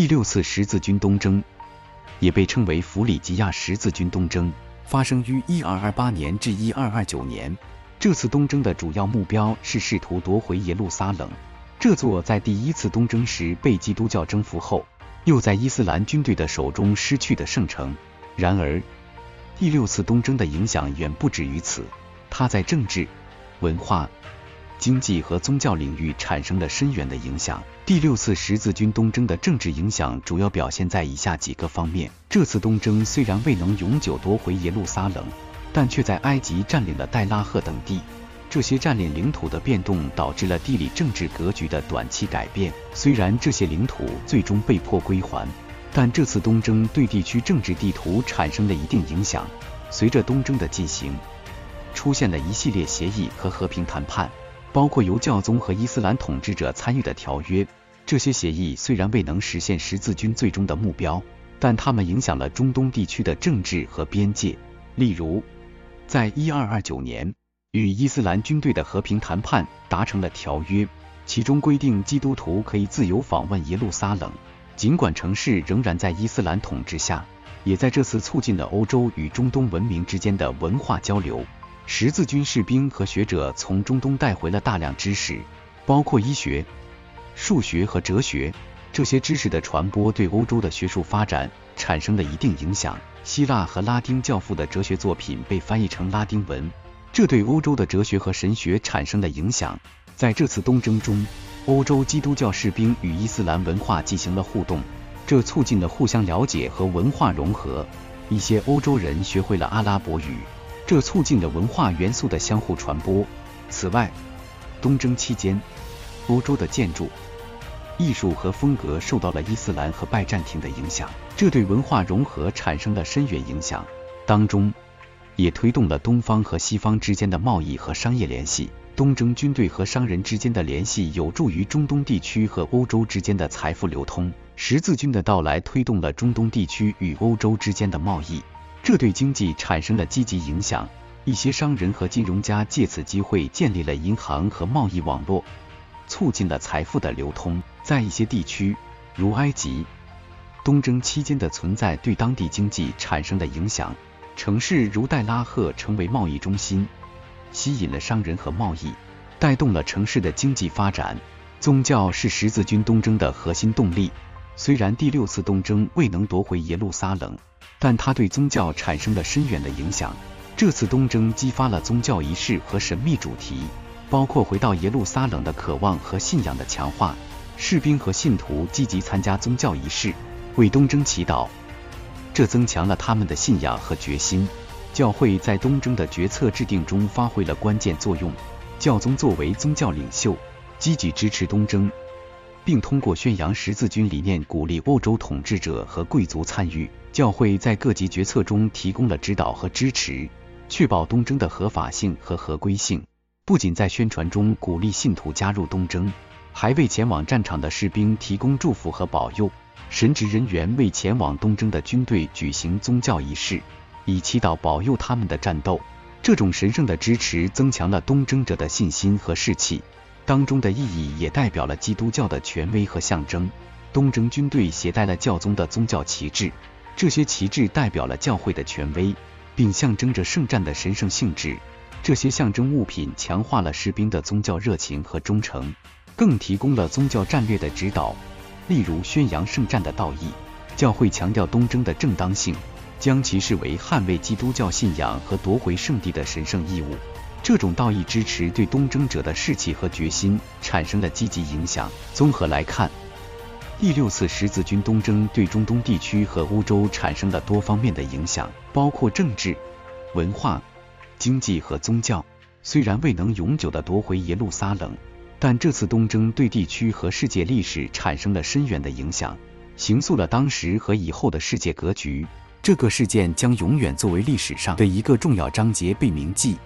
第六次十字軍東征，也被稱為弗里吉亞十字軍東征，發生於1228年至1229年。這次東征的主要目標是試圖奪回耶路撒冷，這座在第一次東征時被基督教征服後，又在伊斯蘭軍隊的手中失去的聖城。然而，第六次東征的影響遠不止於此，它在政治、文化、經濟和宗教領域產生了深遠的影響。第六次十字軍東征的政治影響主要表現在以下幾個方面：這次東征雖然未能永久奪回耶路撒冷，但卻在埃及佔領了戴拉赫等地。這些佔領領土的變動導致了地理政治格局的短期改變。雖然這些領土最終被迫歸還，但這次東征對地區政治地圖產生了一定影響。隨着東征的進行，出現了一系列協議和和平談判。包括由教宗和伊斯蘭統治者參與的條約，這些協議雖然未能實現十字軍最終的目標，但它們影響了中東地區的政治和邊界。例如，在1229年，與伊斯蘭軍隊的和平談判達成了條約，其中規定基督徒可以自由訪問耶路撒冷，儘管城市仍然在伊斯蘭統治下，也在這次促進了歐洲與中東文明之間的文化交流。十字軍士兵和學者從中東帶回了大量知識，包括醫學、數學和哲學。這些知識的傳播對歐洲的學術發展產生了一定影響。希臘和拉丁教父的哲學作品被翻譯成拉丁文，這對歐洲的哲學和神學產生了影響。在這次東征中，歐洲基督教士兵與伊斯蘭文化進行了互動，這促進了互相了解和文化融合。一些歐洲人學會了阿拉伯語。這促進了文化元素的相互傳播。此外，東征期間，歐洲的建築、藝術和風格受到了伊斯蘭和拜占庭的影響，這對文化融合產生了深遠影響。當中，也推動了東方和西方之間的貿易和商業聯繫。東征軍隊和商人之間的聯繫有助於中東地區和歐洲之間的財富流通。十字軍的到來推動了中東地區與歐洲之間的貿易。這對經濟產生了積極影響，一些商人和金融家借此機會建立了銀行和貿易網絡，促進了財富的流通。在一些地區，如埃及，東征期間的存在對當地經濟產生的影響，城市如代拉赫成為貿易中心，吸引了商人和貿易，帶動了城市的經濟發展。宗教是十字軍東征的核心動力。雖然第六次東征未能奪回耶路撒冷，但它對宗教產生了深遠的影響。這次東征激發了宗教儀式和神秘主題，包括回到耶路撒冷的渴望和信仰的強化。士兵和信徒積極參加宗教儀式，為東征祈禱，這增強了他們的信仰和決心。教會在東征的決策制定中發揮了關鍵作用，教宗作為宗教領袖，積極支持東征。並通過宣揚十字軍理念，鼓勵歐洲統治者和貴族參與。教會在各級決策中提供了指導和支持，確保東征的合法性和合規性。不僅在宣傳中鼓勵信徒加入東征，還為前往戰場的士兵提供祝福和保佑。神職人員為前往東征的軍隊舉行宗教儀式，以祈禱保佑他們的戰鬥。這種神聖的支持增強了東征者的信心和士氣。當中的意義也代表了基督教的權威和象徵。東征軍隊攜帶了教宗的宗教旗幟，這些旗幟代表了教會的權威，並象徵着聖戰的神聖性質。這些象徵物品強化了士兵的宗教熱情和忠誠，更提供了宗教戰略的指導，例如宣揚聖戰的道義。教會強調東征的正當性，將其視為捍衛基督教信仰和奪回聖地的神聖義務。這種道義支持對東征者的士氣和決心產生了積極影響。綜合來看，第六次十字軍東征對中東地區和歐洲產生了多方面的影響，包括政治、文化、經濟和宗教。雖然未能永久地奪回耶路撒冷，但這次東征對地區和世界歷史產生了深遠的影響，形塑了當時和以後的世界格局。這個事件將永遠作為歷史上的一個重要章節被銘記。